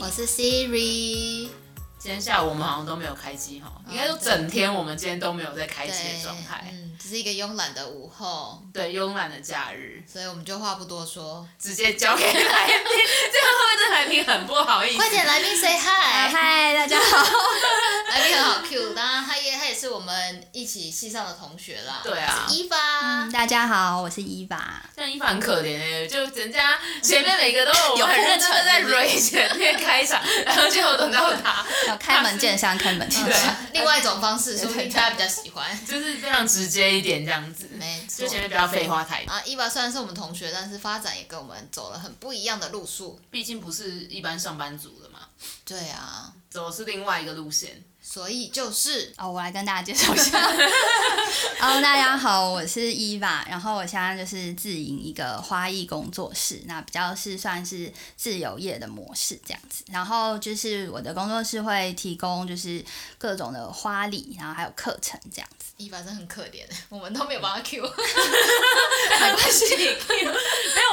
我是 Siri，今天下午我們好像都沒有開機，哦，應該說整天我們今天都沒有在開機的狀態。是一個慵懶的午後，對慵懶的假日，所以我們就話不多說，直接交給來賓。最後，後面的來賓很不好意思，快點來賓 say hi，嗨，大家好。來賓很好 cute，當然，他也他也是我們一起系上的同學啦。對啊，Eva，大家好，我是 Eva。像 Eva 很可憐耶，就人家前面每個都有，有很認真的在 raise 前面開場，然後就等到他開門見山，開門見山。另外一種方式，說不定大家比較喜歡，就是非常直接。點這樣子，沒錯，就前面不要廢話太多啊！Eva 雖然是我們同學，但是發展也跟我們走了很不一樣的路數。畢竟不是一般上班族的嘛。對啊，走的是另外一個路線，所以就是哦，我來跟大家介紹一下。哦，大家好，我是 Eva，然後我現在就是自營一個花藝工作室，那比較是算是自由業的模式這樣子。然後就是我的工作室會提供就是各種的花禮，然後還有課程這樣子。反正很可憐，我們都沒有幫他 Q，沒關係，沒有，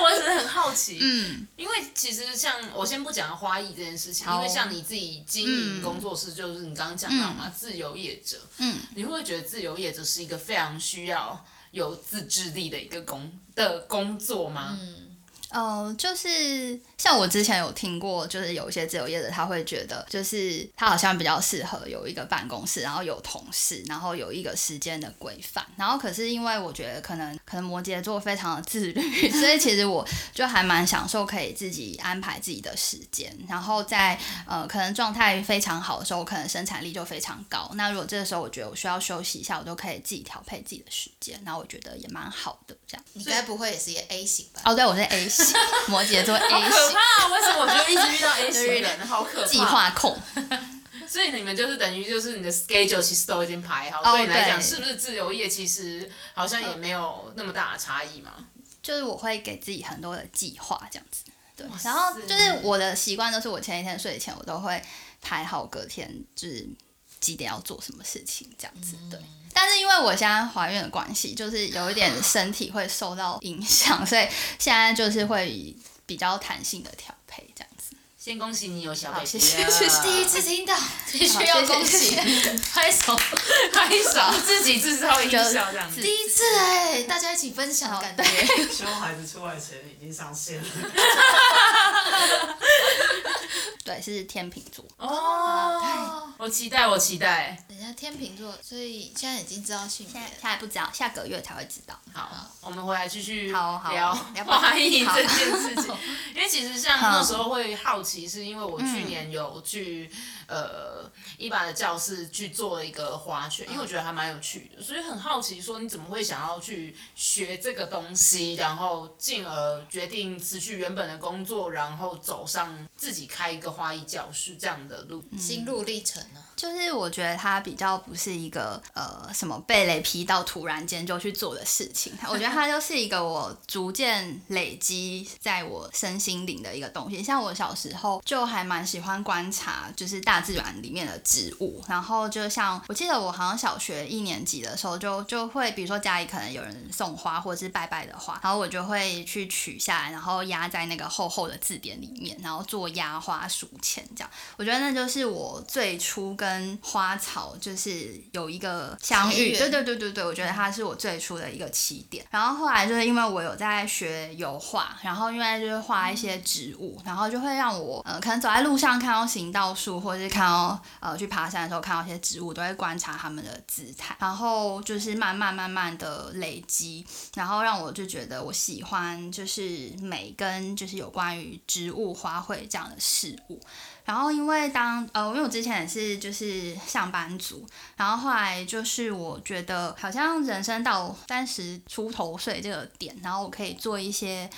我只是很好奇，嗯，因為其實像我先不講花藝這件事情，因為像你自己經營工作室，嗯、就是你剛剛講到嘛，嗯、自由業者，嗯，你會不會覺得自由業者是一個非常需要有自制力的一個工的工作嗎？嗯呃，就是像我之前有聽過，就是有一些自由業者，他會覺得，就是他好像比較適合有一個辦公室，然後有同事，然後有一個時間的規範。然後可是因為我覺得可能可能摩羯座非常的自律，所以其實我就還蠻享受可以自己安排自己的時間。然後在呃可能狀態非常好的時候，我可能生產力就非常高。那如果這個時候我覺得我需要休息一下，我就可以自己調配自己的時間。然後我覺得也蠻好的，這樣。你該不會也是一個 A 型吧？哦，對，我是 A 型。摩羯座 A 型，好可怕啊！為什麼我覺得一直遇到 A 型的人，好可怕，計劃控， 所以你們就是等於就是你的 schedule 其實都已經排好了。Oh, 對。你來講，是不是自由業其實好像也沒有那麼大的差異嘛？就是我會給自己很多的計劃這樣子。對。然後就是我的習慣都是我前一天睡前我都會排好隔天，就是幾點要做什麼事情這樣子。對。嗯但是因為我現在懷孕的關係，就是有一點身體會受到影響，所以現在就是會比較彈性的調配這樣子。先恭喜你有小寶寶！謝，謝第一次聽到，必須要，要恭喜，拍手，拍手，自己製造一笑這樣子。第一次哎，大家一起分享對感覺。希望孩子出來前已經上線了。 對，是天秤座哦，oh, uh, okay. 我期待，我期待。人家天秤座，所以現在已經知道性別，下還不知道，下個月才會知道。好，好我們回來繼續聊聊，花藝這件事情。好因為其實像那時候會好奇，是因為我去年有去好呃一把的教室去做一個花藝，嗯、因為我覺得還蠻有趣的，所以很好奇說你怎麼會想要去學這個東西，嗯、然後進而決定辭去原本的工作，然後走上自己開一個。花藝教師是這樣的路，心路歷程呢？就是我覺得它比較不是一個呃什麼被雷劈到突然間就去做的事情，我覺得它就是一個我逐漸累積在我身心靈的一個東西。像我小時候就還蠻喜歡觀察，就是大自然裡面的植物。然後就像我記得我好像小學一年級的時候就，就就會比如說家裡可能有人送花或者是拜拜的花，然後我就會去取下來，然後壓在那個厚厚的字典裡面，然後做壓花書籤這樣。我覺得那就是我最初跟跟花草就是有一個相遇，對對對對對，我覺得它是我最初的一個起點。然後後來就是因為我有在學油畫，然後因為就是畫一些植物，然後就會讓我呃，可能走在路上看到行道樹，或者是看到呃去爬山的時候看到一些植物，都會觀察它們的姿態。然後就是慢慢慢慢的累積，然後讓我就覺得我喜歡就是美跟就是有關於植物花卉這樣的事物。然後，因為當呃，因為我之前也是就是上班族，然後後來就是我覺得好像人生到三十出頭歲這個點，然後我可以做一些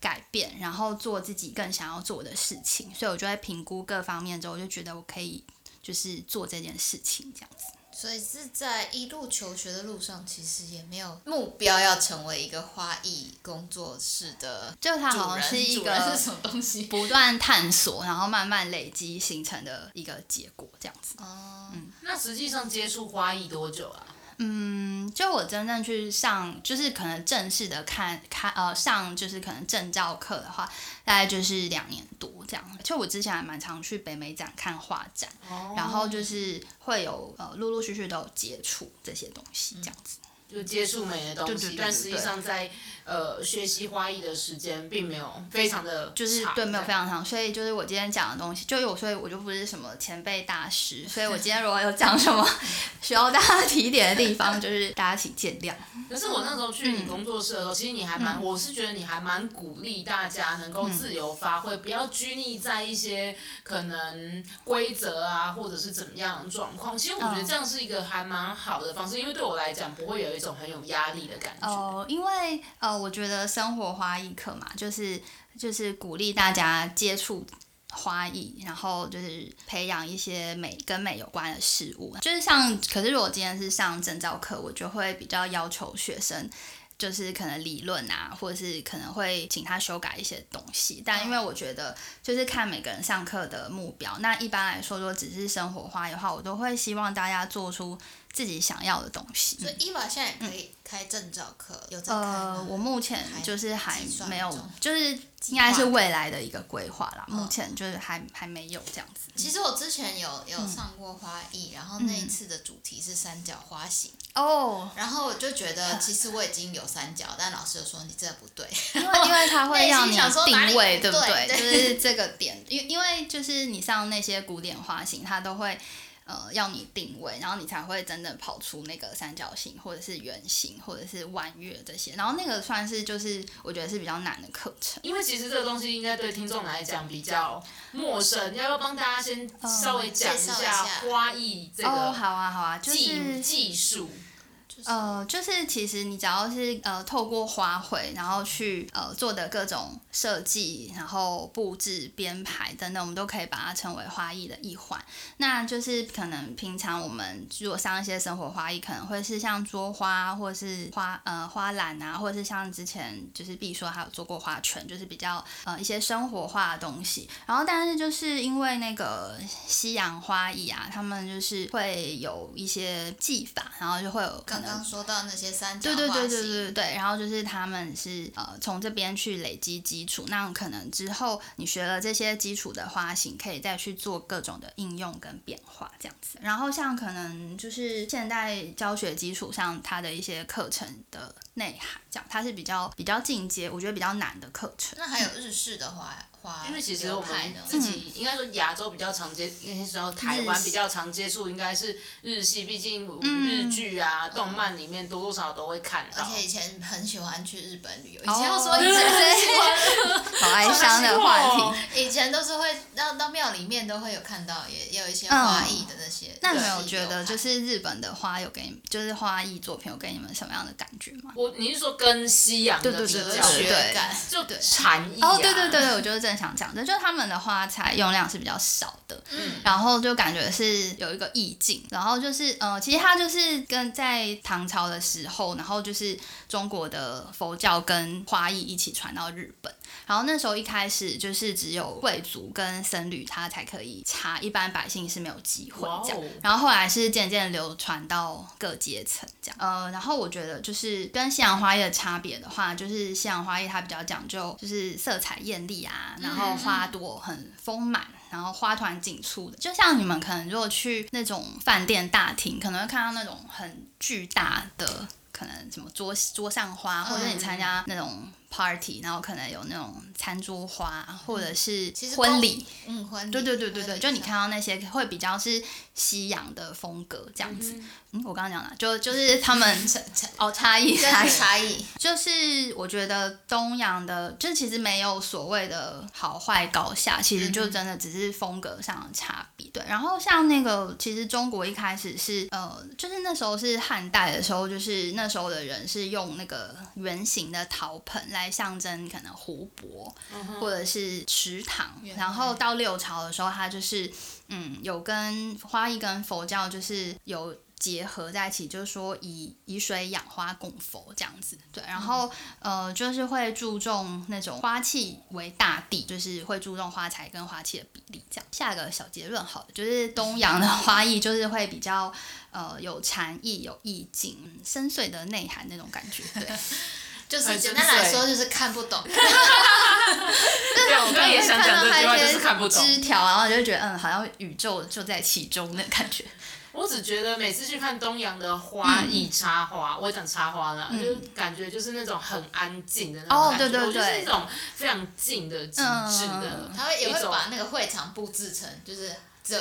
改變，然後做自己更想要做的事情，所以我就在評估各方面之後，我就覺得我可以就是做這件事情這樣子。所以是在一路求學的路上，其實也沒有目標要成為一個花藝工作室的，就他好像是一個什麼東西，不斷探索，然後慢慢累積形成的一個結果這樣子。哦， 嗯、那實際上接觸花藝多久啊？嗯，就我真正去上，就是可能正式的看看呃上就是可能正教課的話，大概就是兩年多這樣。就我之前還蠻常去北美展看畫展，然後就是會有呃陸陸續續都有接觸這些東西這樣子。嗯就接觸美的東西，對對對對對，但實際上在呃學習花藝的時間並沒有非常的就是對，沒有非常長，所以就是我今天講的東西，就有，所以我就不是什麼前輩大師，所以我今天如果有講什麼 需要大家提點的地方， 就是大家請見諒。可是我那時候去你工作室的時候，嗯、其實你還蠻，嗯、我是覺得你還蠻鼓勵大家能夠自由發揮，嗯、不要拘泥在一些可能規則啊，或者是怎麼樣的狀況。其實我覺得這樣是一個還蠻好的方式，嗯、因為對我來講不會有。一種很有壓力的感覺。哦、呃，因為呃，我覺得生活花藝課嘛，就是就是鼓勵大家接觸花藝，然後就是培養一些美跟美有關的事物。就是像，可是如果我今天是上證照課，我就會比較要求學生，就是可能理論啊，或者是可能會請他修改一些東西。但因為我覺得，就是看每個人上課的目標。那一般來說，如果只是生活花藝的話，我都會希望大家做出。自己想要的東西，所以 Eva 現在也可以開證照課，有在呃，我目前就是還沒有，就是應該是未來的一個規劃啦。目前就是還還沒有這樣子。其實我之前有有上過花藝，然後那一次的主題是三角花型哦，然後我就覺得其實我已經有三角，但老師又說你這不對，因為他會讓你定位，對不對？就是這個點，因因為就是你上那些古典花型，他都會。呃，要你定位，然後你才會真的跑出那個三角形，或者是圓形，或者是彎月這些。然後那個算是就是我覺得是比較難的課程，因為其實這個東西應該對聽眾來講比較陌生。嗯，你要不要幫大家先稍微講一下花藝這個，哦，好啊，好啊，技技術。就是呃，就是其實你只要是呃透過花卉，然後去呃做的各種設計，然後布置編排等等，我們都可以把它稱為花藝的一環。那就是可能平常我們如果上一些生活花藝，可能會是像桌花，或者是花呃花籃啊，或者是像之前就是比如說還有做過花圈，就是比較呃一些生活化的東西。然後但是就是因為那個西洋花藝啊，他們就是會有一些技法，然後就會有可能。剛說到那些三角花型，對對對，對對對對對對。然後就是他們是呃從這邊去累積基礎，那可能之後你學了這些基礎的花型，可以再去做各種的應用跟變化這樣子。然後像可能就是現代教學基礎上，它的一些課程的內涵這樣，講它是比較比較進階，我覺得比較難的課程。那、嗯、還有日式的話呀。因為其實我們自己應該說，亞洲比較常接，那時候台灣比較常接觸應該是日系，畢竟日劇啊、動漫裡面多多少少都會看到。而且以前很喜歡去日本旅遊，以前我說以前很喜歡，好哀傷的話題。以前都是會到到廟裡面都會有看到，也有一些花藝的那些。那有沒有覺得就是日本的花有給就是花藝作品有給你們什麼樣的感覺嗎？我你是說跟西洋的哲學感，就對，禪意。哦，對對對對，我覺得在。分享講的，就是他們的花材用量是比較少的，嗯，然後就感覺是有一個意境，然後就是，呃，其實它就是跟在唐朝的時候，然後就是中國的佛教跟花藝一起傳到日本，然後那時候一開始就是只有貴族跟僧侶他才可以插，一般百姓是沒有機會、哦、這樣，然後後來是漸漸流傳到各階層這樣，呃，然後我覺得就是跟西洋花藝的差別的話，就是西洋花藝它比較講究就是色彩豔麗啊。然後花朵很豐滿，然後花團錦簇的，就像你們可能如果去那種飯店大廳，可能會看到那種很巨大的，可能什麼桌桌上花，或者你參加那種。party，然後可能有那種餐桌花，嗯、或者是婚禮，嗯，婚禮，對對對對對，婚禮，就你看到那些會比較是西洋的風格這樣子。嗯，嗯，嗯，我剛剛講了，就就是他們差，差哦，差異差差異，就是我覺得東洋的，就其實沒有所謂的好壞高下，其實就真的只是風格上的差別。對，嗯嗯然後像那個，其實中國一開始是呃，就是那時候是漢代的時候，就是那時候的人是用那個圓形的陶盆來。來象徵可能湖泊或者是池塘，嗯、哼然後到六朝的時候，它就是嗯有跟花藝跟佛教就是有結合在一起，就是說以以水養花供佛這樣子。對，然後呃就是會注重那種花器為大地，就是會注重花材跟花器的比例。這樣下一個小結論好了，好，就是東洋的花藝就是會比較呃有禪意、有意境、深邃的內涵那種感覺。對。 就是簡單來說，就是看不懂。對，我剛也想講這句話，就是看不懂枝條，然後就會覺得嗯，好像宇宙就在其中的感覺。我只覺得每次去看東洋的花藝插花，嗯、我講插花了，就、嗯、感覺就是那種很安靜的那種感覺，哦、對對對，我就是一種非常靜的極致的。他會也會把那個會場布置成就是。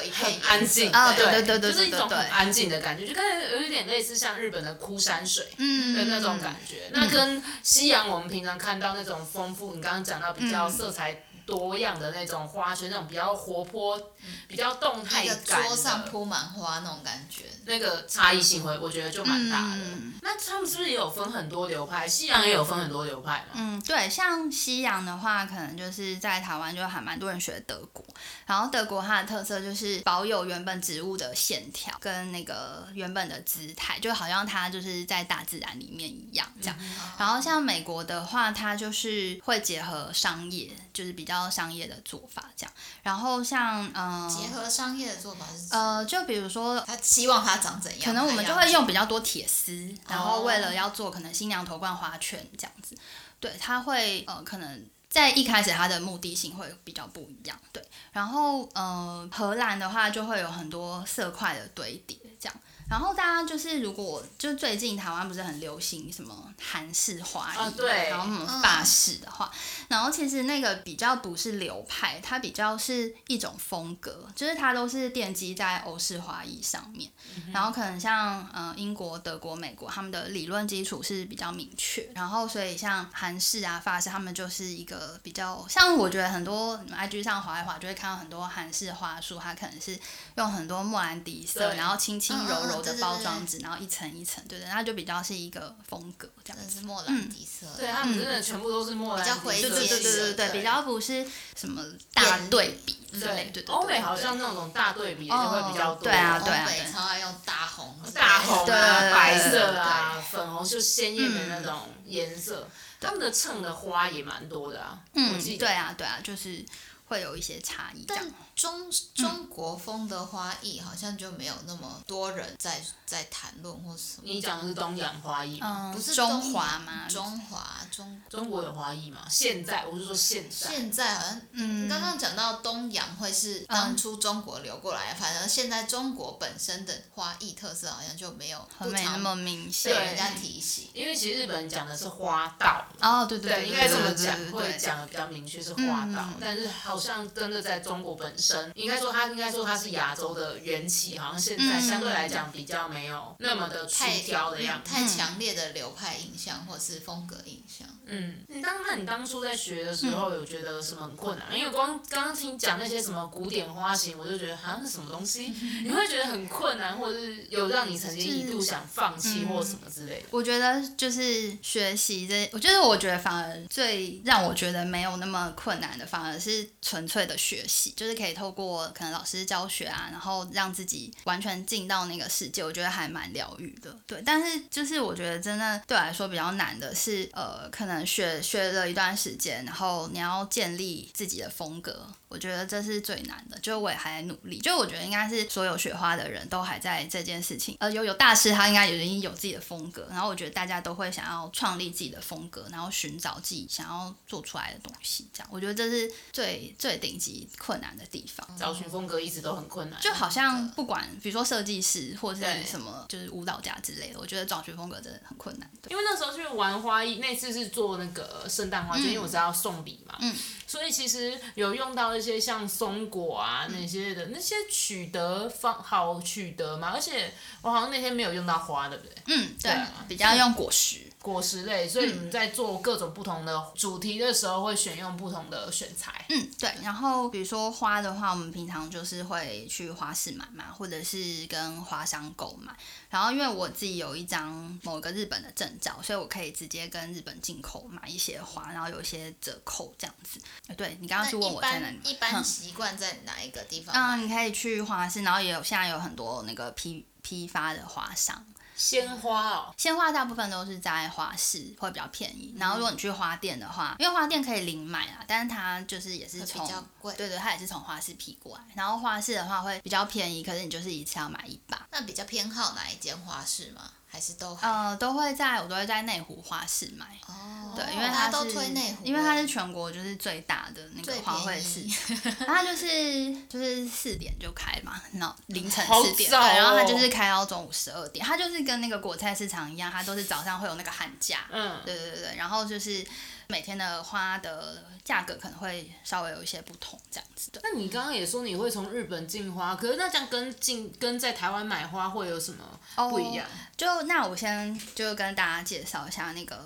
一片很安靜，oh, 對，對對對，對，就是一種很安靜的感覺，就感覺有一點類似像日本的枯山水，的那種感覺。嗯嗯嗯嗯，那跟西洋，我們平常看到那種豐富，嗯、你剛剛講到比較色彩。多樣的那種花，是那種比較活潑、嗯、比較動態感的，嗯嗯、桌上鋪滿花那種感覺，那個差異性會我覺得就蠻大的。嗯、那他們是不是也有分很多流派？嗯、西洋也有分很多流派嘛？嗯，對，像西洋的話，可能就是在台灣就還蠻多人學德國，然後德國它的特色就是保有原本植物的線條跟那個原本的姿態，就好像它就是在大自然裡面一樣這樣。嗯、然後像美國的話，它就是會結合商業。就是比較商業的做法，這樣。然後像，嗯、呃，結合商業的做法呃，就比如說，他期望他長怎樣，可能我們就會用比較多鐵絲。然後為了要做，可能新娘頭冠花圈這樣子。對，他會，呃，可能在一開始他的目的性會比較不一樣，對。然後，呃，荷蘭的話就會有很多色塊的堆疊，這樣。然後大家就是，如果就最近台灣不是很流行什麼韓式花藝，啊、對，然後那種法式的話，嗯、然後其實那個比較不是流派，它比較是一種風格，就是它都是奠基在歐式花藝上面。嗯、哼然後可能像呃英國、德國、美國他們的理論基礎是比較明確，然後所以像韓式啊、法式他們就是一個比較像我覺得很多你們 IG 上滑一滑就會看到很多韓式花束，它可能是用很多莫蘭迪色，對然後輕輕柔柔、嗯。的包裝紙，然後一層一層，對對，它就比較是一個風格這樣。是莫蘭迪色，對，他們真的全部都是莫蘭迪色。對對對對比較不是什麼大對比之類。對對對，歐美好像那種大對比就會比較多。對啊對啊，歐美超愛用大紅、大紅啊、白色啊，粉紅就鮮艷的那種顏色。他們的襯的花也蠻多的啊，嗯，我記得，對啊對啊，就是會有一些差異這樣。中中國風的花藝好像就沒有那麼多人在在談論或什麼。你講的是東洋花藝嗎？不是中華嗎？中華中中國有花藝嗎？現在我是說現在。現在好像嗯，剛剛講到東洋會是當初中國流過來，反正現在中國本身的花藝特色好像就沒有很沒那麼明顯，人家提醒。因為其實日本人講的是花道。哦對對，應該這麼講，對，會講的比較明確是花道，但是好像真的在中國本身，應該說他應該說他是亞洲的元氣，好像現在相對來講比較沒有那麼的太挑的樣子，太強烈的流派印象，或者是風格印象。嗯，你當那你當初在學的時候有覺得什麼很困難？因為光剛剛聽你講那些什麼古典花型，我就覺得好像是什麼東西，你會覺得很困難，或者是有讓你曾經一度想放棄或什麼之類的？嗯、我覺得就是學習這，我就是我覺得反而最讓我覺得沒有那麼困難的，反而是純粹的學習，就是可以。透過可能老師教學啊，然後讓自己完全進到那個世界，我覺得還蠻療癒的。對，但是就是我覺得真的對我來說比較難的是，呃，可能學學了一段時間，然後你要建立自己的風格。我覺得這是最難的，就是我也還在努力。就我覺得應該是所有學花的人都還在這件事情。呃，有有大師，他應該也已經有自己的風格。然後我覺得大家都會想要創立自己的風格，然後尋找自己想要做出來的東西。這樣，我覺得這是最最頂級困難的地方。找尋風格一直都很困難，嗯、就好像不管比如說設計師或是什麼，就是舞蹈家之類的，對我覺得找尋風格真的很困難。因為那時候去玩花藝，那次是做那個聖誕花，就因為我知道要送禮嘛。嗯嗯所以其實有用到一些像松果啊那些的。嗯、那些取得方好取得嘛，而且我好像那天沒有用到花，對不對？嗯，對，比較用果實。嗯果實類，所以我們在做各種不同的主題的時候，會選用不同的選材。嗯，對。然後，比如說花的話，我們平常就是會去花市買嘛，或者是跟花商購買。然後，因為我自己有一張某個日本的證照，所以我可以直接跟日本進口買一些花，然後有一些折扣這樣子。對，你剛剛是問我在哪裡？一般習慣在哪一個地方？嗯，你可以去花市，然後也有現在有很多那個批批發的花商。鮮花哦，鮮花大部分都是在花市會比較便宜。嗯、然後如果你去花店的話，因為花店可以零買啊，但是它就是也是從比較貴。對對，它也是從花市批過來。然後花市的話會比較便宜，可是你就是一次要買一把。那比較偏好哪一間花市嗎？還是都還呃、都會在我都會在內湖花市買，哦、對，因為它是、哦、他都推內湖，因為它是全國就是最大的那個花卉市， 它就是就是四點就開嘛，那、 no, 凌晨四點，哦、然後它就是開到中午十二點，它就是跟那個果菜市場一樣，它都是早上會有那個喊價，對、嗯、對對對，然後就是。每天的花的價格可能會稍微有一些不同，這樣子的。那你剛剛也說你會從日本進花，嗯、可是那這樣跟進跟在台灣買花會有什麼不一樣？Oh, 就那我先就跟大家介紹一下那個。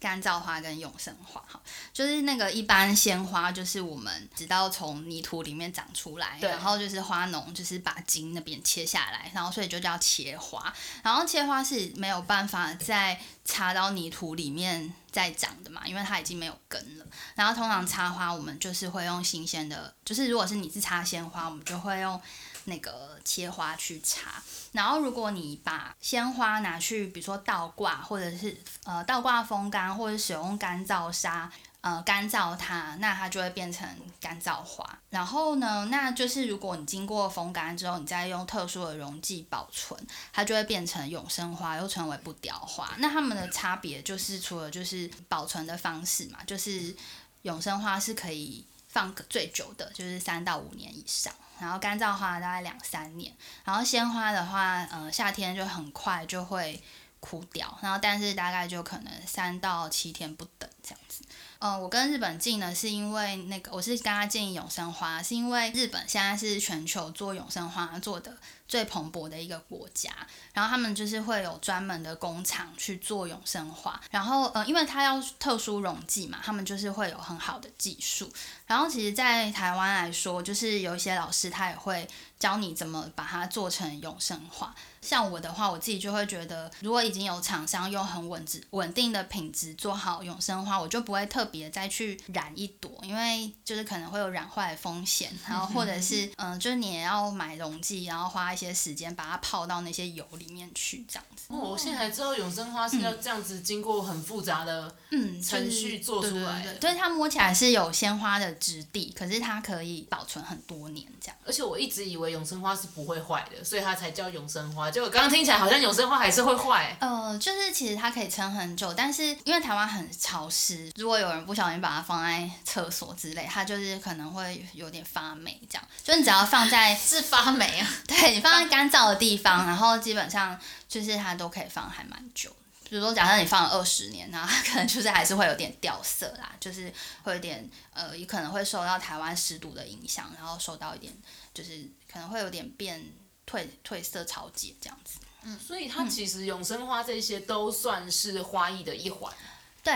乾燥花跟永生花，哈，就是那個一般鮮花，就是我們直到從泥土裡面長出來，對然後就是花農就是把莖那邊切下來，然後所以就叫切花。然後切花是沒有辦法再插到泥土裡面再長的嘛，因為它已經沒有根了。然後通常插花我們就是會用新鮮的，就是如果是你是插鮮花，我們就會用。那個切花去插，然後如果你把鮮花拿去，比如說倒掛，或者是呃倒掛風乾，或者使用乾燥沙呃乾燥它，那它就會變成乾燥花。然後呢，那就是如果你經過風乾之後，你再用特殊的溶劑保存，它就會變成永生花，又稱為不凋花。那它們的差別就是除了就是保存的方式嘛，就是永生花是可以放個最久的，就是三到五年以上。然後乾燥花大概兩三年，然後鮮花的話，呃，夏天就很快就會枯掉，然後但是大概就可能三到七天不等這樣子。嗯、呃，我跟日本進的，是因為那個我是剛剛建議永生花，是因為日本現在是全球做永生花做得最蓬勃的一個國家。然後他們就是會有專門的工廠去做永生花，然後呃，因為它要特殊溶劑嘛，他們就是會有很好的技術。然後其實，在台灣來說，就是有一些老師他也會教你怎麼把它做成永生花。像我的話，我自己就會覺得，如果已經有廠商用很穩值穩定的品質做好永生花，我就不會特別再去染一朵，因為就是可能會有染壞的風險。然後或者是嗯、呃，就是你也要買溶劑，然後花一些時間把它泡到那些油裡。裡面去這樣子，哦，我現在才知道永生花是要這樣子經過很複雜的程序、嗯、程序做出來的。嗯、就是、對，對，對、就是、它摸起來是有鮮花的質地，可是它可以保存很多年這樣。而且我一直以為永生花是不會壞的，所以它才叫永生花。結果剛剛聽起來好像永生花還是會壞。 呃，就是其實它可以撐很久，但是因為台灣很潮濕，如果有人不小心把它放在廁所之類，它就是可能會有點發霉這樣。就你只要放在，是發霉啊。對，你放在乾燥的地方，然後基本上。像就是它都可以放還蠻久，比如說假設你放了二十年，那它可能就是還是會有點掉色啦，就是會有點呃，也可能會受到台灣濕度的影響，然後受到一點就是可能會有點變褪褪色潮解這樣子。嗯，所以它其實永生花這些都算是花藝的一環。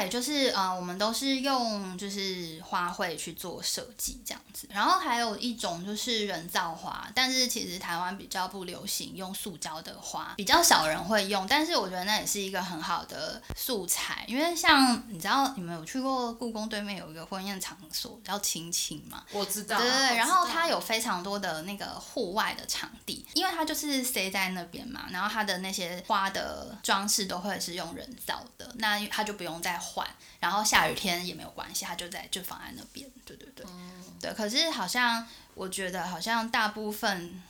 對，就是啊、呃、我們都是用就是花卉，去做設計這樣子，然後還有一種就是人造花，但是其實台灣比較不流行用塑膠的花，比較少人會用，但是我覺得那也是一個很好的素材，因為像你知道，你們有去過故宮對面有一個婚宴場所叫青青嘛？我知道。對，對，然後它有非常多的那個戶外的場地，因為它就是塞在那邊嘛，然後它的那些花的裝飾都會是用人造的，那它就不用再。換，然後下雨天也沒有關係，它就在就放在那邊，對對對，嗯、對。可是好像我覺得好像大部分，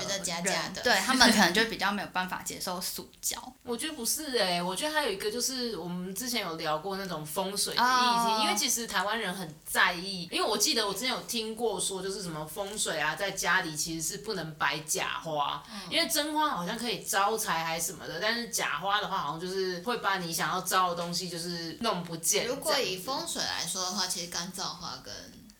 覺得假假的，人對，他們可能就比較沒有辦法接受塑膠。 我覺得不是哎、欸，我覺得還有一個就是我們之前有聊過那種風水的議題，oh. 因為其實台灣人很在意。因為我記得我之前有聽過說，就是什麼風水啊，在家裡其實是不能擺假花，oh. 因為真花好像可以招財還是什麼的，但是假花的話好像就是會把你想要招的東西就是弄不見。如果以風水來說的話，其實乾燥花跟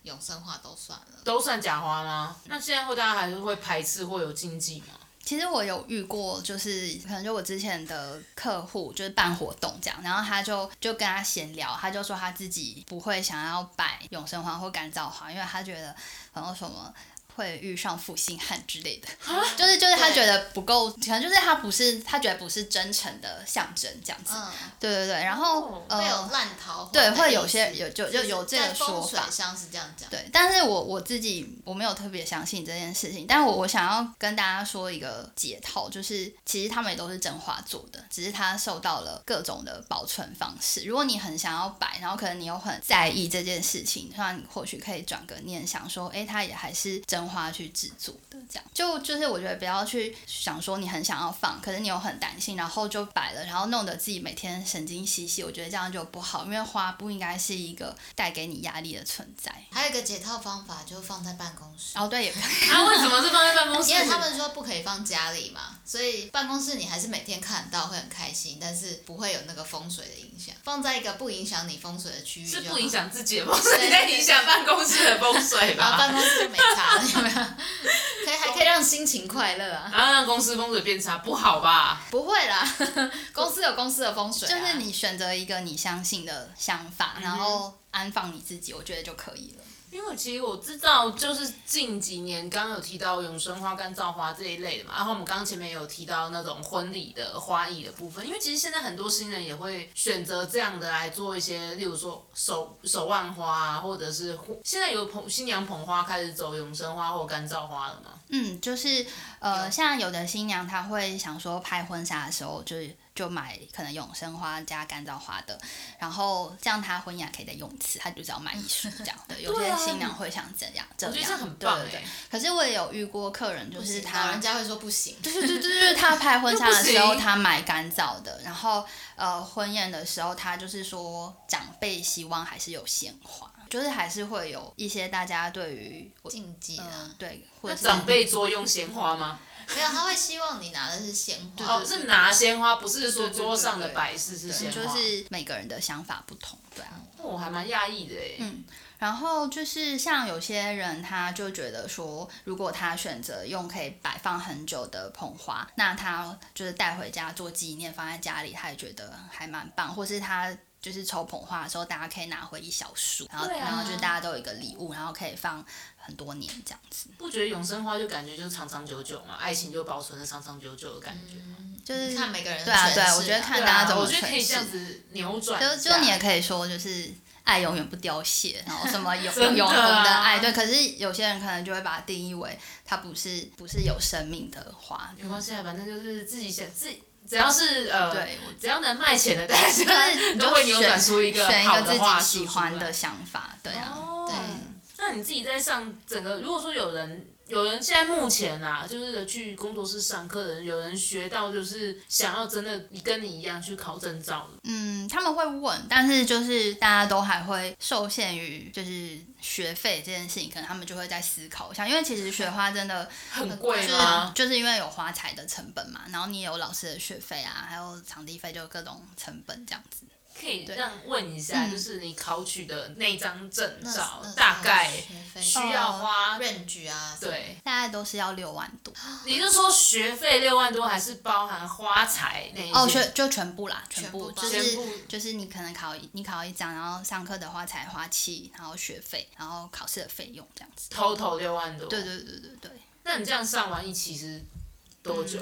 永生花都算了，都算假花啦。那現在會大家還是會排斥或有禁忌嗎？其實我有遇過，就是可能就我之前的客戶就是辦活動這樣，然後他就就跟他閒聊，他就說他自己不會想要擺永生花或乾燥花，因為他覺得好像什麼。會遇上負心漢之類的，蛤就是就是他覺得不夠，對可能就是他不是他覺得不是真誠的象徵這樣子，嗯、對對對，然後、嗯呃、會有爛桃花，對，會有些有就就是有這個說法，像是這樣講，對，但是我我自己我沒有特別相信這件事情，但我我想要跟大家說一個解套，就是其實他們也都是真花做的，只是他受到了各種的保存方式。如果你很想要擺，然後可能你又很在意這件事情，那你或許可以轉個念想說，哎，他也還是真。花去製作。這樣就就是我覺得不要去想說，你很想要放，可是你又很擔心，然後就擺了，然後弄得自己每天神經兮兮。我覺得這樣就不好，因為花不應該是一個帶給你壓力的存在。還有一個解套方法，就是、放在辦公室。哦對，也不要看。他、啊、為什麼是放在辦公室 因？ 因為他們說不可以放家裡嘛，所以辦公室你還是每天看到會很開心，但是不會有那個風水的影響。放在一個不影響你風水的區域就。是不影響自己的風水， 你在影響辦公室的風水吧？對對對對 辦公室就沒差了，有沒有？還可以讓心情快樂啊！啊，公司風水變差不好吧？不會啦，公司有公司的風水，啊， 我就是你選擇一個你相信的想法，嗯、哼然後安放你自己，我覺得就可以了。因為其實我知道，就是近幾年剛剛有提到永生花、乾燥花這一類的嘛，然後我們剛剛前面有提到那種婚禮的花藝的部分，因為其實現在很多新人也會選擇這樣的來做一些，例如說手手腕花啊，或者是現在有捧新娘捧花開始走永生花或乾燥花了嘛。嗯，就是呃，像有的新娘她會想說拍婚紗的時候就是。就買可能永生花加乾燥花的，然後這樣他婚宴可以再用一次，他就只要買一束這樣的。嗯、有些新娘會想怎樣怎樣，對對對。可是我也有遇過客人，就是他，啊，人家會說不行。對對對對，對 他拍婚紗的時候他買乾燥的， 行然後呃婚宴的時候他就是說長輩希望還是有鮮花。就是還是會有一些大家對於禁忌啊，嗯、對。或那長輩桌用鮮花嗎？ 沒有，他會希望你拿的是鮮花。哦， 是拿鮮花，不是說桌上的擺飾是鮮花。就是每個人的想法不同，對啊。那我、哦、還蠻訝異的誒。嗯。然後就是像有些人，他就覺得說，如果他選擇用可以擺放很久的捧花，那他就是帶回家做紀念，放在家裡，他也覺得還蠻棒，或是他。就是抽捧花的時候，大家可以拿回一小束，然後、啊、然後就大家都有一個禮物，然後可以放很多年這樣子。不覺得永生花就感覺就是長長久久嘛，嗯、愛情就保存的長長久久的感覺嘛、嗯。就是看每個人對啊，對啊，我覺得看大家都是、啊、我覺得可以這樣子扭轉、就是。就就是、你也可以說就是愛永遠不凋謝，然後什麼、 啊、永恆永恆的愛，對。可是有些人可能就會把它定義為它不是不是有生命的花。沒關係啊，反正就是自己寫自己。自己只要是呃，對對只要能賣錢的東西，但是你都會扭轉出一個好的話，喜歡的想法，對啊，哦、對。嗯、那你自己在上整個，如果說有人。有人現在目前啊，就是去工作室上課的人，有人學到就是想要真的跟你一樣去考證照。嗯，他們會問，但是就是大家都還會受限於就是學費這件事情，可能他們就會在思考一下，因為其實學花真的 很貴嗎？就是就是因為有花材的成本嘛，然後你也有老師的學費啊，還有場地費，就各種成本這樣子。可以這樣問一下，就是你考取的那張證照，大概需要花，認舉啊，對，大概都是要六萬多。你是說學費六萬多，還是包含花材那？哦，學就全部啦，全部就是就是你可能考你考一張，然後上課的花材花器，然後學費，然後考試的費用這樣子，total 六萬多。對對對對對。那你這樣上完一期是多久？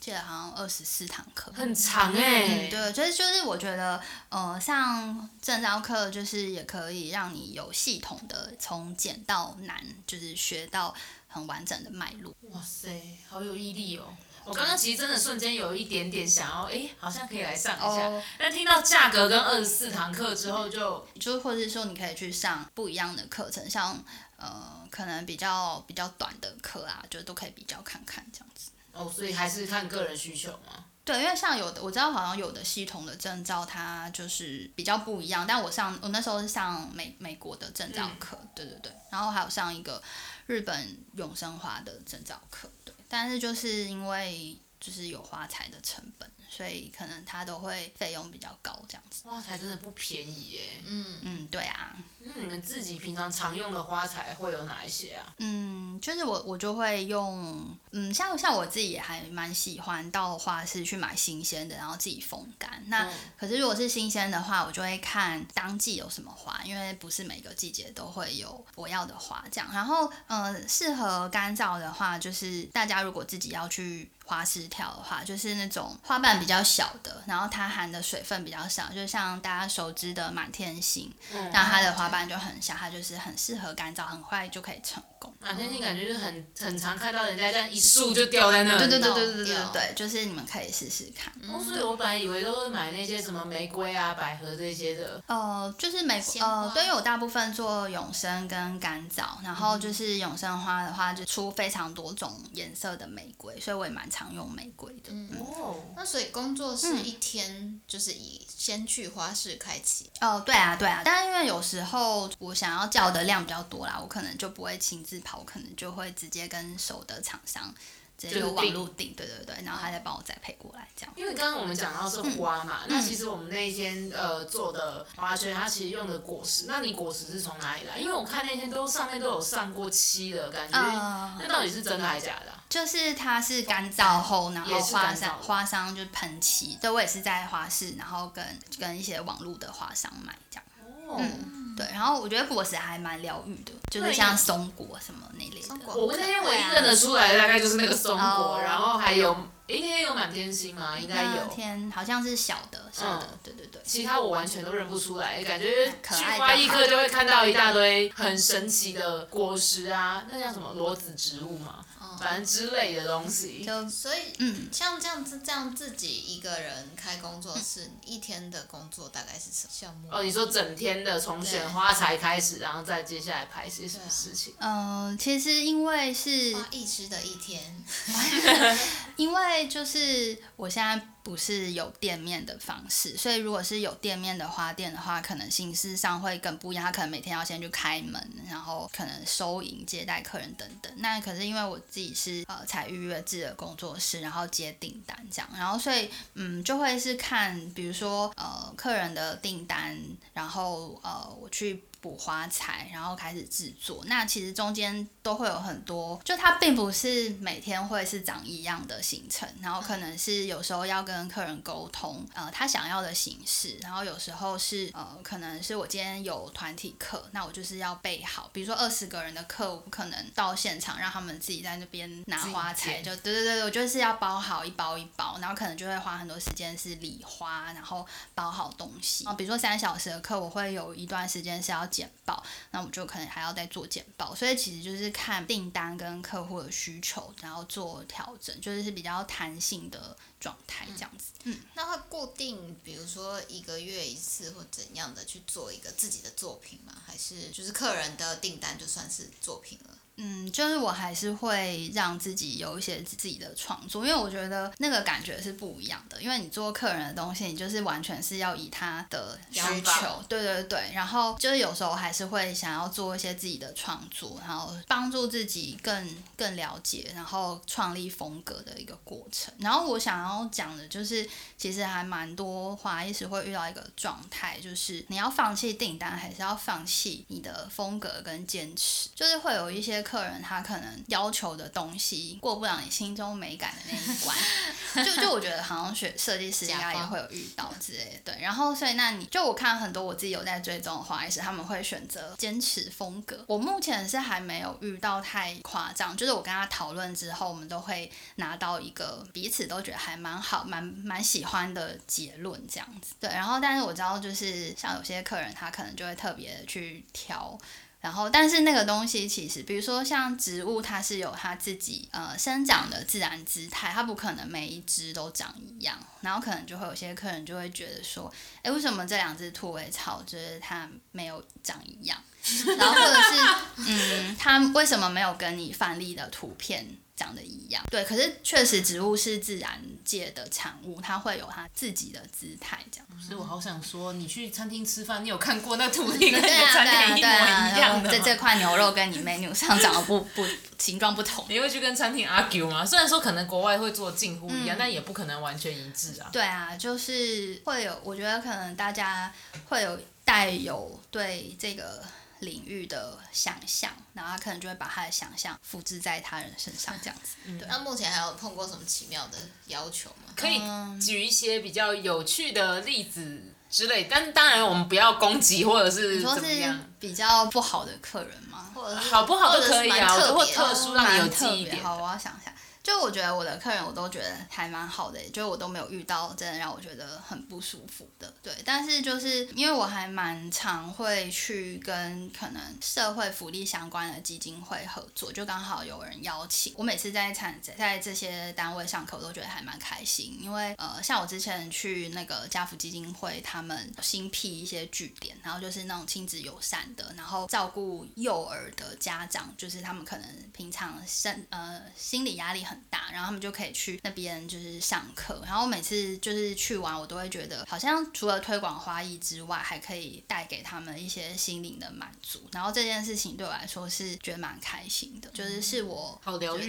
記得好像二十四堂課，很長哎、欸。對，所以就是我覺得，呃，像正常課就是也可以讓你有系統的從簡到難，就是學到很完整的脈絡。哇塞，好有毅力哦！我剛剛其實真的瞬間有一點點想要，哎、欸，好像可以來上一下。哦、但聽到價格跟二十四堂課之後就，就就或者說你可以去上不一樣的課程，像呃，可能比較比較短的課啊，就都可以比較看看這樣子。哦，所以還是看個人需求嘛。對，因為像有的我知道，好像有的系統的證照它就是比較不一樣。但我上我那時候是上美美國的證照課，嗯、對對對，然後還有上一個日本永生花的證照課，對。但是就是因為就是有花材的成本，所以可能它都會費用比較高這樣子。花材真的不便宜耶。嗯嗯，對啊。那、嗯、你們自己平常常用的花材會有哪一些啊？嗯。就是我，我就會用，嗯，像像我自己也還蠻喜歡到花市去買新鮮的，然後自己風乾。那、嗯、可是如果是新鮮的話，我就會看當季有什麼花，因為不是每個季節都會有我要的花這樣。然後，嗯，適合乾燥的話，就是大家如果自己要去花式跳的話，就是那種花瓣比較小的，然後它含的水分比較少，就像大家熟知的滿天星，嗯、那它的花瓣就很小，對它就是很適合乾燥，很快就可以成功。滿天星感覺就是很很常看到人家這樣一束就掉在那裡，嗯，對對對對、嗯、對對對、對、嗯、對，就是你們可以試試看。哦、對所以，我本來以為都會買那些什麼玫瑰啊、百合這些的。呃，就是美呃，所以我大部分做永生跟乾燥，然後就是永生花的話，就出非常多種顏色的玫瑰，所以我也蠻。常用玫瑰的，嗯哦、那所以工作是一天、嗯、就是以先去花市開啟哦，對啊對啊，但因為有時候我想要叫的量比較多啦，我可能就不會親自跑，我可能就會直接跟熟的廠商直接網路訂，對,對對對，然後他再幫我再配過來這樣。因為剛剛我們講到是花嘛，嗯、那其實我們那一間呃做的花圈，它其實用的果實，那你果實是從哪裡來？因為我看那天都上面都有上過漆的感覺，呃、那到底是真的還是假的、啊？就是它是乾燥後，哦嗯、然後花商，花商就是噴漆，對我也是在花市，然後跟跟一些網絡的花商買這樣。哦，嗯，對，然後我覺得果實還蠻療癒的，就是像松果什麼那類的。耶果啊、我那天唯一認得出來的大概就是那個松果，哦、然後還有誒那、欸、天有滿天星嗎？應該有。天，好像是小的，小的，對對對。其他我完全都認不出來，嗯、感覺可愛去花藝課就會看到一大堆很神奇的果實啊，那叫什麼裸子植物嘛反正之類的東西，就所以，嗯，像這樣子，這樣自己一個人開工作室，嗯、一天的工作大概是什麼項目？哦，你說整天的，從選花材開始，對然後再接下來拍些什麼事情？嗯、啊呃，其實因為是花藝師的一天， 因為就是我現在，不是有店面的方式，所以如果是有店面的花店的話，可能形式上會更不一樣。他可能每天要先去開門，然後可能收銀、接待客人等等。那可是因為我自己是呃採預約制的工作室，然後接訂單這樣，然後所以嗯就會是看，比如說呃客人的訂單，然後呃我去補花材，然後開始製作。那其實中間。都會有很多，就它並不是每天會是長一樣的行程，然後可能是有時候要跟客人溝通，呃，他想要的形式，然後有時候是呃，可能是我今天有團體課，那我就是要備好，比如說二十個人的課，我不可能到現場讓他們自己在那邊拿花材，就對對對，我就是要包好，一包一包，然後可能就會花很多時間是理花，然後包好東西，然後比如說三小時的課，我會有一段時間是要簡報，那我就可能還要再做簡報，所以其實就是。看訂單跟客戶的需求，然後做調整，就是是比較彈性的狀態這樣子。嗯，那會固定，比如說一個月一次或怎樣的去做一個自己的作品嗎？還是就是客人的訂單就算是作品了？嗯，就是我還是會讓自己有一些自己的創作，因為我覺得那個感覺是不一樣的。因為你做客人的東西，你就是完全是要以他的需求，保對對對。然後就是有時候還是會想要做一些自己的創作，然後幫助自己更更了解，然後創立風格的一個過程。然後我想要講的就是，其實還蠻多花藝師會遇到一個狀態，就是你要放棄訂單，還是要放棄你的風格跟堅持，就是會有一些。客人他可能要求的東西過不了你心中美感的那一關，就就我覺得好像學設計師應該也會有遇到之類的。對，然後所以那你就我看很多我自己有在追蹤的花藝師，他們會選擇堅持風格。我目前是還沒有遇到太誇張，就是我跟他討論之後，我們都會拿到一個彼此都覺得還蠻好、蠻蠻喜歡的結論這樣子。對，然後但是我知道就是像有些客人他可能就會特別去挑。然後，但是那個東西其實，比如說像植物，它是有它自己呃生長的自然姿態，它不可能每一隻都長一樣。然後可能就會有些客人就會覺得說，哎，為什麼這兩隻兔尾草就是它沒有長一樣？ 然後或者是嗯，它為什麼沒有跟你範例的圖片？長得一樣，對，可是確實植物是自然界的產物，它會有它自己的姿態，這樣子。所以、嗯、我好想說，你去餐廳吃飯，你有看過那圖片跟那個餐點一模一樣的嗎？這塊牛肉跟你 menu 上長得不不，不形狀不同，你會去跟餐廳 argue 嗎？雖然說可能國外會做近乎一樣，嗯，但也不可能完全一致啊。對啊，就是會有，我覺得可能大家會有帶有對這個。領域的想象然後他可能就會把他的想象複製在他人身上，這樣子。 嗯、對。那、啊、目前還有碰過什麼奇妙的要求嗎？可以舉一些比較有趣的例子之類，但當然我們不要攻擊或者是怎麼樣。你說是比較不好的客人嗎？或者好不好都可以啊，或特我都會特殊讓你有記憶點。哦、好，我要想一下。就我覺得我的客人，我都覺得還蠻好的，就我都沒有遇到真的讓我覺得很不舒服的。對，但是就是因為我還蠻常會去跟可能社會福利相關的基金會合作，就剛好有人邀請我，每次在產在這些單位上課，我都覺得還蠻開心，因為呃，像我之前去那個家福基金會，他們新闢一些據點，然後就是那種親子友善的，然後照顧幼兒的家長，就是他們可能平常身呃心理壓力很。打，然後他們就可以去那邊就是上課，然後每次就是去玩，我都會覺得好像除了推廣花藝之外，還可以帶給他們一些心靈的滿足，然後這件事情對我來說是覺得蠻開心的，就是是我覺得很，好療癒哦、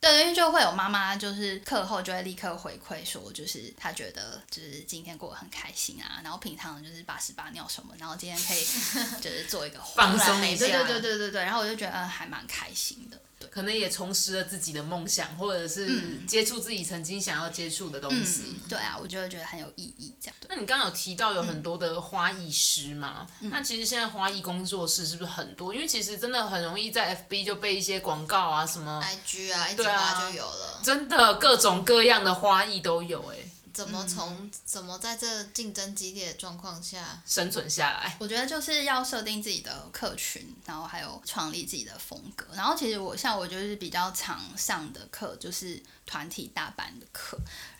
對，因為就會有媽媽就是課後就會立刻回饋說，就是她覺得就是今天過得很開心啊，然後平常就是把屎把尿什麼，然後今天可以就是做一個花 放鬆一下，對對對對對對，然後我就覺得嗯，還蠻開心的。對可能也重拾了自己的夢想，或者是接觸自己曾經想要接觸的東西。嗯、對啊，我就覺得很有意義。這樣，那你剛剛有提到有很多的花藝師嘛？嗯、那其實現在花藝工作室是不是很多？因為其實真的很容易在 FB 就被一些廣告啊、什麼 IG 啊一抓、啊啊、就有了。真的，各種各樣的花藝都有哎、欸。怎麼從、嗯、怎麼在這競爭激烈的狀況下生存下來？我覺得就是要設定自己的客群，然後還有創立自己的風格。然後其實我像我就是比較常上的課，就是團體大班的課。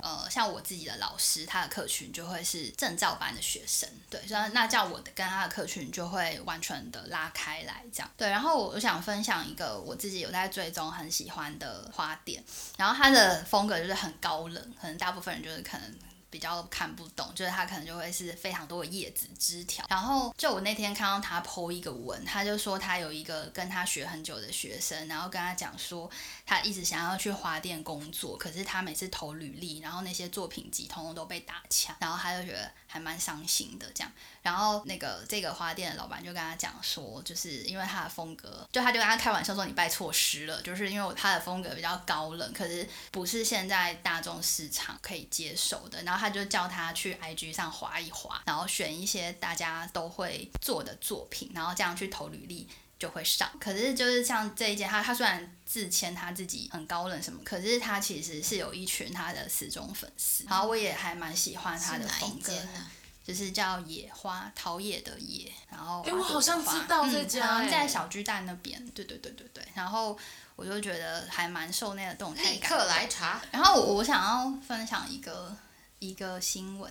呃，像我自己的老師，他的客群就會是證照班的學生，對，所以那叫我跟他的客群就會完全的拉開來，這樣。對，然後我我想分享一個我自己有在追蹤很喜歡的花店，然後他的風格就是很高冷，可能大部分人就是可能。比較看不懂，就是他可能就會是非常多的葉子枝條。然後就我那天看到他 po 一個文，他就說他有一個跟他學很久的學生，然後跟他講說，他一直想要去花店工作，可是他每次投履歷，然後那些作品集通通都被打槍，然後他就覺得還蠻傷心的這樣。然後那個這個花店的老板就跟他講說，就是因為他的風格，就他就跟他開玩笑說你拜錯師了，就是因為他的風格比較高冷，可是不是現在大眾市場可以接受的。然後他。他就叫他去 IG 上滑一滑，然後選一些大家都會做的作品，然後這樣去投履歷就會上。可是就是像這一間，他他雖然自謙他自己很高冷什麼，可是他其實是有一群他的死忠粉絲。然後我也還蠻喜歡他的風格，是啊、就是叫野花，陶冶的野。然後、欸、我好像知道這家、欸，嗯、在小巨蛋那邊。對對對對對。然後我就覺得還蠻受那個動態感。立刻來查然後我想要分享一個。一個新聞，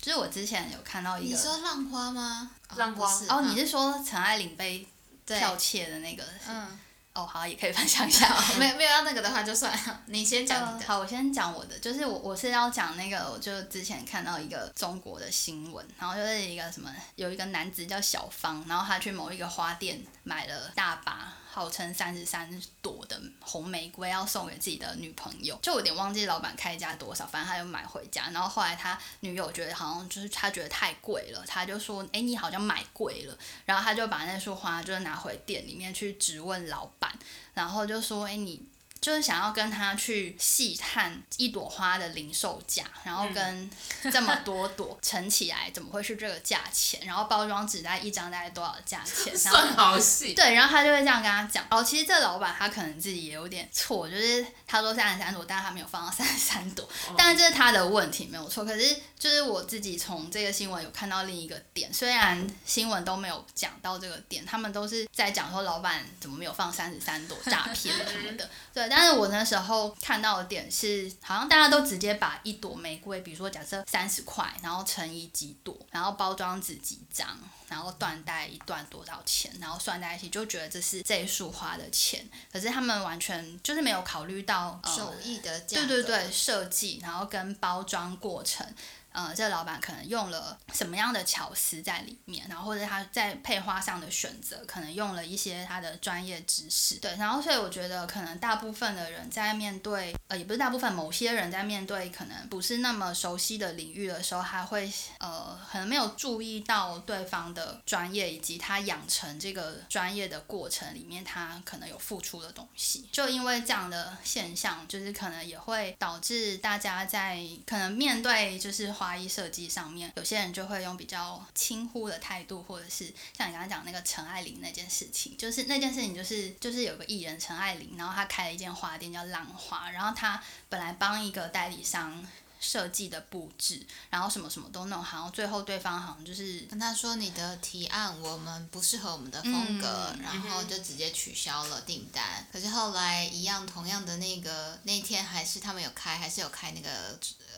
就是我之前有看到一個，你說浪花嗎？哦、浪花是哦，嗯、你是說陳愛玲被剽竊的那個是？嗯，哦，好，也可以分享一下哦 沒有，沒有要那個的話就算了。你先講你的，好，我先講我的，就是我我是要講那個，我就之前看到一個中國的新聞，然後就是一個什麼，有一個男子叫小芳，然後他去某一個花店買了大把，號稱三十三朵的。紅玫瑰要送給自己的女朋友，就有點忘記老闆開價多少，反正他就買回家。然後後來他女友覺得好像就是他覺得太貴了，他就說：“欸，你好像買貴了。”然後他就把那束花就是拿回店裡面去質問老闆，然後就說：“欸，你。”就是想要跟他去細探一朵花的零售價，然後跟這麼多朵乘起來怎麼會是這個價錢？然後包裝紙大概一張大概多少的價錢？算好細。對，然後他就會這樣跟他講。哦，其實這老板他可能自己也有點錯，就是他說三十三朵，但他沒有放到三十三朵，但是這是他的問題，沒有錯。可是就是我自己從這個新聞有看到另一個點，雖然新聞都沒有講到這個點，他們都是在講說老板怎麼沒有放三十三朵詐騙什麼的， 對。但是我那時候看到的點是，好像大家都直接把一朵玫瑰，比如說假設三十塊，然後乘以幾朵，然後包裝紙幾張，然後緞帶一段多少錢，然後算在一起，就覺得這是這一束花的錢。可是他們完全就是沒有考慮到、呃、手藝的，對對對，設計，然後跟包裝過程。呃，這個老闆可能用了什麼樣的巧思在裡面，然後或者他在配花上的選擇，可能用了一些他的專業知識。對，然後所以我覺得，可能大部分的人在面對，呃，也不是大部分，某些人在面對可能不是那麼熟悉的領域的時候，還會呃，可能沒有注意到對方的專業以及他養成這個專業的過程裡面，他可能有付出的東西。就因為這樣的現象，就是可能也會導致大家在可能面對就是花。花藝設計上面，有些人就會用比較輕忽的態度，或者是像你剛才講那個陳愛玲那件事情，就是那件事情就是就是有個藝人陳愛玲，然後她開了一間花店叫浪花，然後她本來幫一個代理商，設計的布置，然後什麼什麼都弄好，然後最後對方好像就是跟他說，你的提案我們不適合我們的風格，嗯、然後就直接取消了訂單。嗯、可是後來一樣、嗯、同樣的那個那天還是他們有開還是有開那個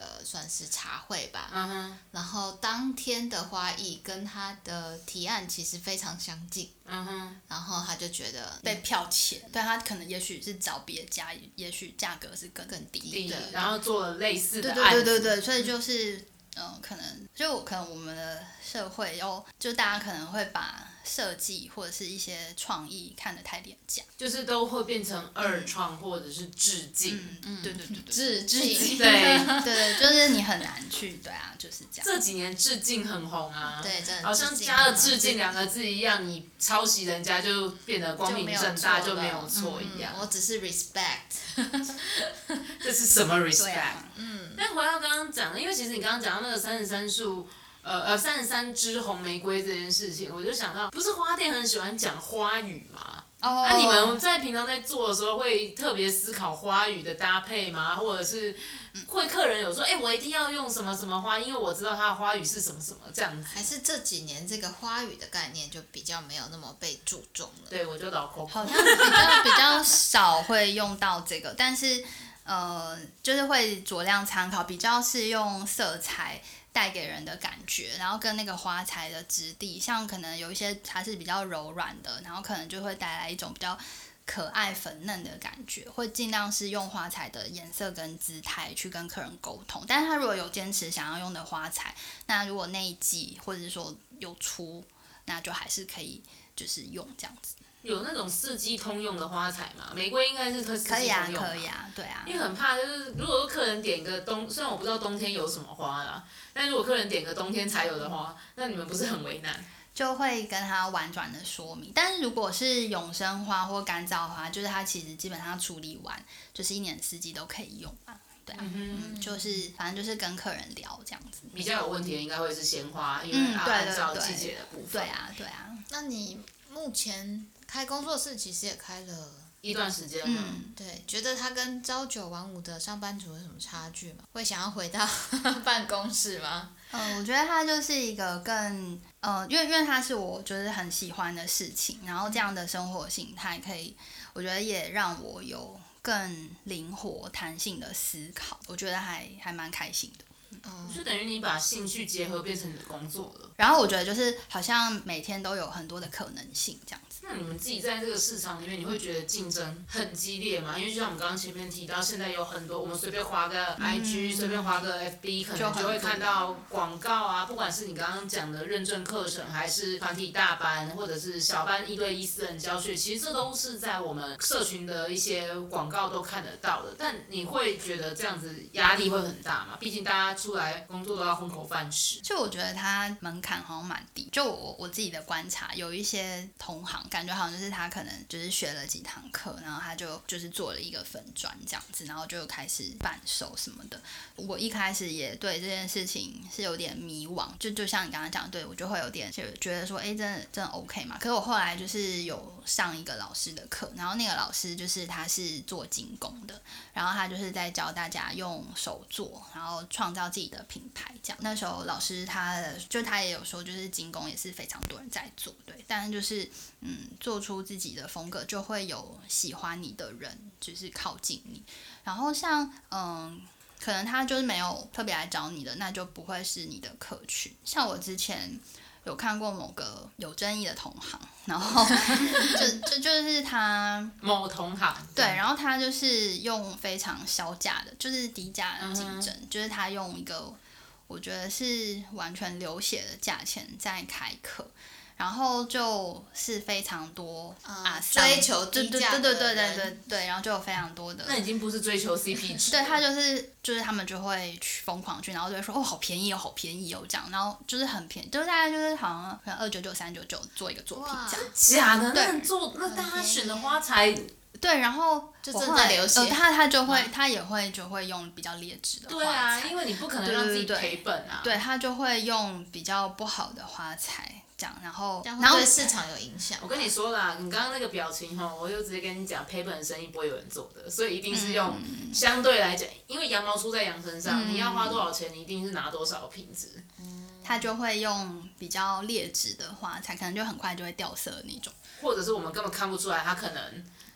呃算是茶會吧，嗯、然後當天的花藝跟他的提案其實非常相近，嗯、然後他就覺得被剽竊。嗯、對他可能也許是找別的家，也許價格是更更低的，然後做了類似的。嗯對對對對對對，所以就是，嗯、呃，可能就可能我們的社會哦，就大家可能會把設計或者是一些創意看得太廉價，就是都會變成二創或者是致敬，嗯，嗯，嗯對對對對，致致敬，對對、嗯、對，就是你很難去，對啊，就是這樣。這幾年致敬很紅啊，嗯、對，真的，好像加了致敬、嗯、兩個字一樣，你抄襲人家就變得光明正大就沒，就沒有錯一樣。嗯嗯、我只是 respect。 這是什麼 respect？啊啊、嗯，但回到剛剛講的，因為其實你剛剛講到那個三十三束，呃呃，三十三枝紅玫瑰這件事情，我就想到，不是花店很喜歡講花語嗎？那、oh, 啊、你們在平常在做的時候，會特別思考花語的搭配嗎？或者是會客人有說，哎、欸，我一定要用什麼什麼花，因為我知道它的花語是什麼什麼這樣子？還是這幾年這個花語的概念就比較沒有那麼被注重了？對，我就老公好像比較比較少會用到這個，但是呃，就是會酌量參考，比較是用色彩。帶給人的感覺，然後跟那個花材的質地，像可能有一些它是比較柔軟的，然後可能就會帶來一種比較可愛、粉嫩的感覺。會盡量是用花材的顏色跟姿態去跟客人溝通。但是它如果有堅持想要用的花材，那如果那一季或者是說有出，那就還是可以就是用這樣子。有那種四季通用的花材嗎？玫瑰應該是四季通用吧？可以啊，可以啊，對啊。因為很怕就是，如果說客人點個冬，雖然我不知道冬天有什麼花啦，但如果客人點個冬天才有的花，嗯、那你們不是很為難？就會跟他婉轉的說明。但是如果是永生花或乾燥花，就是它其實基本上處理完，就是一年四季都可以用嘛，對啊。嗯，哼嗯，就是反正就是跟客人聊這樣子。比較有問題的應該會是鮮花，嗯、因為它按照季節的部分。對啊，對啊。那你目前？開工作室其實也開了一段時間了，嗯、對，覺得他跟朝九晚五的上班族有什麼差距嗎？會想要回到辦公室嗎？ 嗯，我覺得他就是一個更呃、嗯，因為因為他是我就是很喜歡的事情，然後這樣的生活形態可以，我覺得也讓我有更靈活彈性的思考，我覺得還還蠻開心的。嗯，就等於你把興趣結合變成你的工作了，對對對。然後我覺得就是好像每天都有很多的可能性這樣。那你們自己在這個市場裡面，你會覺得競爭很激烈嗎？因為就像我們剛剛前面提到，現在有很多我們隨便滑個 I G，嗯，隨便滑個 F B，可能就會看到廣告啊。不管是你剛剛講的認證課程，還是團體大班，或者是小班一對一私人教學，其實這都是在我們社群的一些廣告都看得到的。但你會覺得這樣子壓力會很大嗎？畢竟大家出來工作都要混口飯吃。就我覺得它門檻好像蠻低。就我我自己的觀察，有一些同行。感覺好像就是他可能就是學了幾堂課，然後他就就是做了一個粉專這樣子，然後就開始販售什麼的。我一開始也對這件事情是有點迷惘，就就像你剛剛講的，對，我就會有點覺得說，哎，真的真的 OK 嘛？可是我後來就是有上一個老師的課，然後那個老師就是他是做金工的，然後他就是在教大家用手做，然後創造自己的品牌這樣。那時候老師他就他也有說，就是金工也是非常多人在做，對，但是就是嗯。做出自己的風格，就會有喜歡你的人，就是靠近你。然後像嗯，可能他就是沒有特別來找你的，那就不會是你的客群。像我之前有看過某個有爭議的同行，然後 就就就是他某同行對，對，然後他就是用非常削價的，就是低價的競爭，嗯、哼就是他用一個我覺得是完全流血的價錢在開課。然後就是非常多啊，嗯、追求低價對對對對對對對然後就有非常多的那已經不是追求 CP 值了，對他就是就是他們就會去瘋狂去，然後就會說哦好便宜哦好便宜哦這樣，然後就是很便宜，就是大概就是好像二九九三九九做一個作品，假哇樣假的，那做對那大家選的花材對，然後就真的流行，他他就會、嗯、他也會就會用比較劣質的花材對啊，因為你不可能讓自己賠本啊，對,對他就會用比較不好的花材。講，然後然後對市場有影響。我跟你說啦，你剛剛那個表情哈，我就直接跟你講，賠本生意不會有人做的，所以一定是用相對來講，嗯、因為羊毛出在羊身上，嗯、你要花多少錢，你一定是拿多少品質。它、嗯、他就會用比較劣質的花材，才可能就很快就會掉色的那種，或者是我們根本看不出來，他可能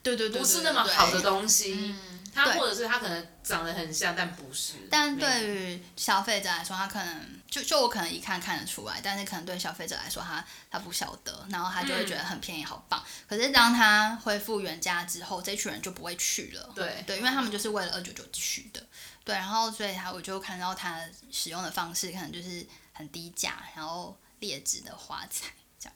對對對，不是那麼好的東西。對對對對他或者是他可能長得很像，對但不是。但對於消費者來說，他可能就就我可能一看看得出來，但是可能對消費者來說，他他不曉得，然後他就會覺得很便宜，好棒。嗯、可是當他恢復原價之後，這群人就不會去了。對對，因為他們就是為了二九九去的。對，然後所以他我就看到他使用的方式，可能就是很低價，然後劣質的花材這樣。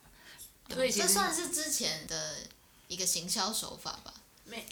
對，所以這算是之前的一個行銷手法吧。沒，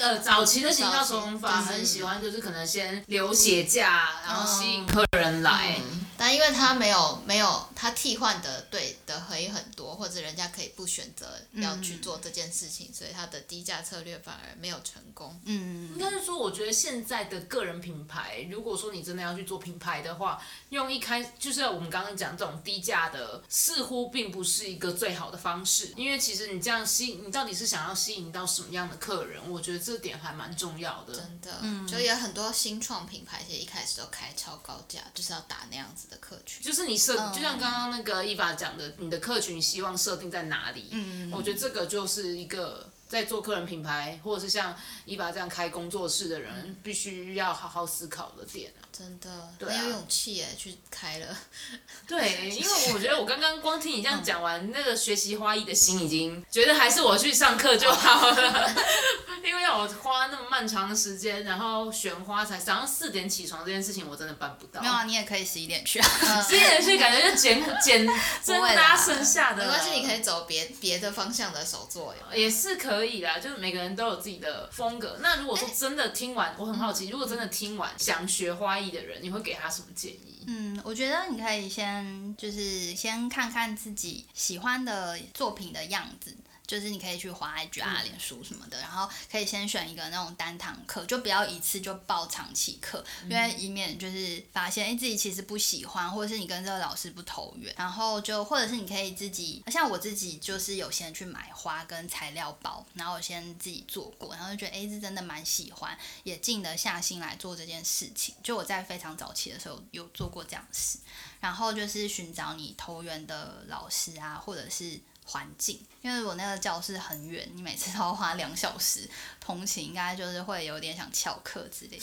呃，早期的行銷手法很喜歡，就是可能先流、嗯、血價，就是、然後吸引客人來。嗯但因為他沒有沒有他替換的對的可以很多，或者人家可以不選擇要去做這件事情，嗯，所以他的低價策略反而沒有成功。嗯，應該是說，我覺得現在的個人品牌，如果說你真的要去做品牌的話，用一開就是我們剛剛講這種低價的，似乎並不是一個最好的方式。因為其實你這樣吸，你到底是想要吸引到什麼樣的客人？我覺得這點還蠻重要的。真的，所以有很多新創品牌其實一開始都開超高價，就是要打那樣子。的客群就是你設，oh. 就像剛剛那個 Eva 講的，你的客群你希望設定在哪裡？嗯、mm hmm. 我覺得這個就是一個在做客人品牌或者是像 E、e、Eva 這樣開工作室的人，mm hmm. 必須要好好思考的點。真的沒有勇氣哎，去開了。對，因為我覺得我剛剛光聽你這樣講完，那個學習花藝的心已經覺得還是我去上課就好了。因為要我花那麼漫長的時間，然後選花材，早上四點起床這件事情，我真的辦不到。沒有啊，你也可以十一點去啊，十一點去感覺就撿撿真搭剩下的。沒關係，你可以走別別的方向的手作，也是可以啦。就是每個人都有自己的風格。那如果說真的聽完，我很好奇，如果真的聽完想學花藝。的人，你會給他什麼建議？嗯，我覺得你可以先，就是先看看自己喜歡的作品的樣子。就是你可以去滑 IG 啊、臉書什麼的，嗯、然後可以先選一個那種單堂課，就不要一次就報長期課，因為以免就是發現誒自己其實不喜歡，或者是你跟這個老師不投緣，然後就或者是你可以自己，像我自己就是有先去買花跟材料包，然後我先自己做過，然後就覺得誒是真的蠻喜歡，也靜得下心來做這件事情。就我在非常早期的時候有做過這樣事，然後就是尋找你投緣的老師啊，或者是環境。因為我那個教室很遠，你每次都要花兩小時通勤，同應該就是會有點想翹課之類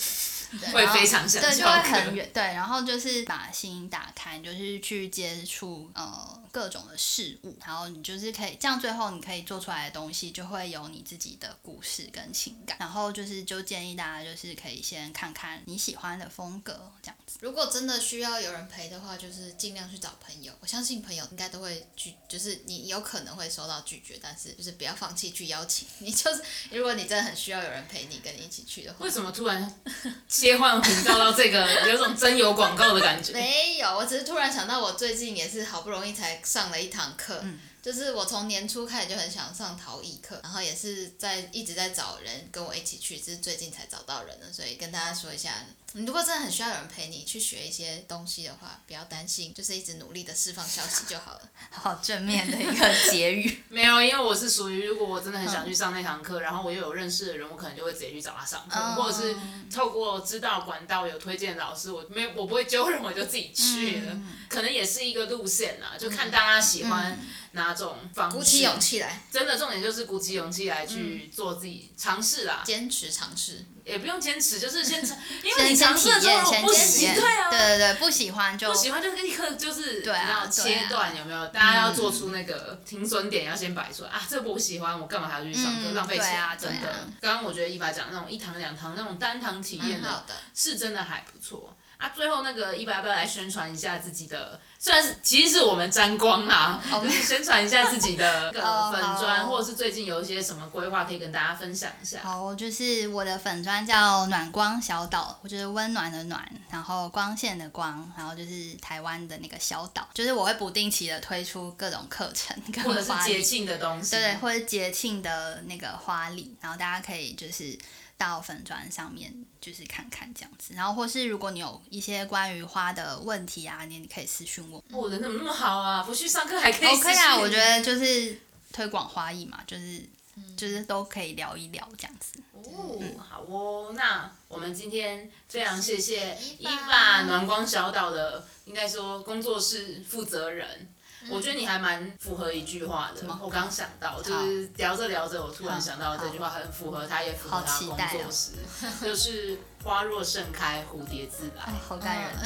的。會 後非常想翹。對，就會很遠。對，然後就是把心打開，就是去接觸呃各種的事物，然後你就是可以這樣，最後你可以做出來的東西就會有你自己的故事跟情感。然後就是就建議大家，就是可以先看看你喜歡的風格這樣子。如果真的需要有人陪的話，就是盡量去找朋友。我相信朋友應該都會去，就是你有可能會收到。拒絕，但是就是不要放棄去邀請你。就是如果你真的很需要有人陪你，跟你一起去的話，為什麼突然切換頻道到這個， 有一種真有廣告的感覺？ 沒有，我只是突然想到，我最近也是好不容易才上了一堂課。嗯就是我從年初開始就很想上陶藝課，然後也是在一直在找人跟我一起去，只、就是最近才找到人了。所以跟大家說一下，你如果真的很需要有人陪你去學一些東西的話，不要擔心，就是一直努力的釋放消息就好了。好，正面的一個結語。 沒有，因為我是屬於如果我真的很想去上那堂課，然後我又有認識的人，我可能就會直接去找他上課，oh. 或者是透過知道管道有推薦的老師，我沒我不會揪人，我就,我就自己去了，嗯、可能也是一個路線啦，就看大家喜歡。嗯哪種方式？鼓起勇氣來，真的重點就是鼓起勇氣來去做自己嘗試啦，堅持嘗試，也不用堅持，就是先嘗，因為你嘗試之後不喜歡，對啊，對對不喜歡就不喜歡，就是跟立刻就是，然後切斷有沒有？大家要做出那個停損點，要先擺出來。啊，這個不喜歡，我幹嘛還要去上課，浪費錢？真的，剛剛我覺得 Eva 講那種一堂兩堂那種單堂體驗的，是真的還不錯。啊，最後那個一百要不要來宣傳一下自己的？雖然是其實是我們沾光啊，oh, 宣傳一下自己的粉專， oh, 或者是最近有一些什麼規劃可以跟大家分享一下。好，就是我的粉專叫暖光小島，我、就、就是溫暖的暖，然後光線的光，然後就是台灣的那個小島。就是我會不定期的推出各種課程跟或，或者是節慶的東西，對，或者節慶的那個花禮，然後大家可以就是到粉專上面。就是看看這樣子，然後或是如果你有一些關於花的問題啊，你也可以私訊我。嗯、哦，人怎麼那麼好啊？不去上課還可以。OK 啊，我覺得就是推廣花藝嘛，就是、嗯、就是都可以聊一聊這樣子。哦，好哦，那我們今天非常謝謝 Eva 暖光小島的，應該說工作室負責人。我覺得你還蠻符合一句話的，麼我剛想到，好就是聊着聊着，我突然想到這句話，很符合他，好也符合他工作室，哦、 就是花若盛開，蝴蝶自來。嗯、好感人，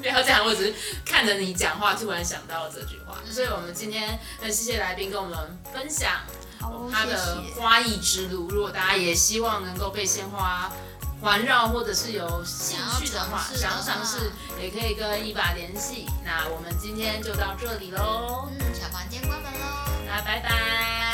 不要講，我只是看着你講話，突然想到這句話。所以我們今天很謝謝來賓跟我們分享、哦哦、謝謝他的花藝之路，如果大家也希望能夠被鮮花環繞，或者是有興趣的話，想要嘗試，也可以跟 Eva 聯繫。的那我們今天就到這裡嘍，嗯，小房間關門嘍，那拜拜。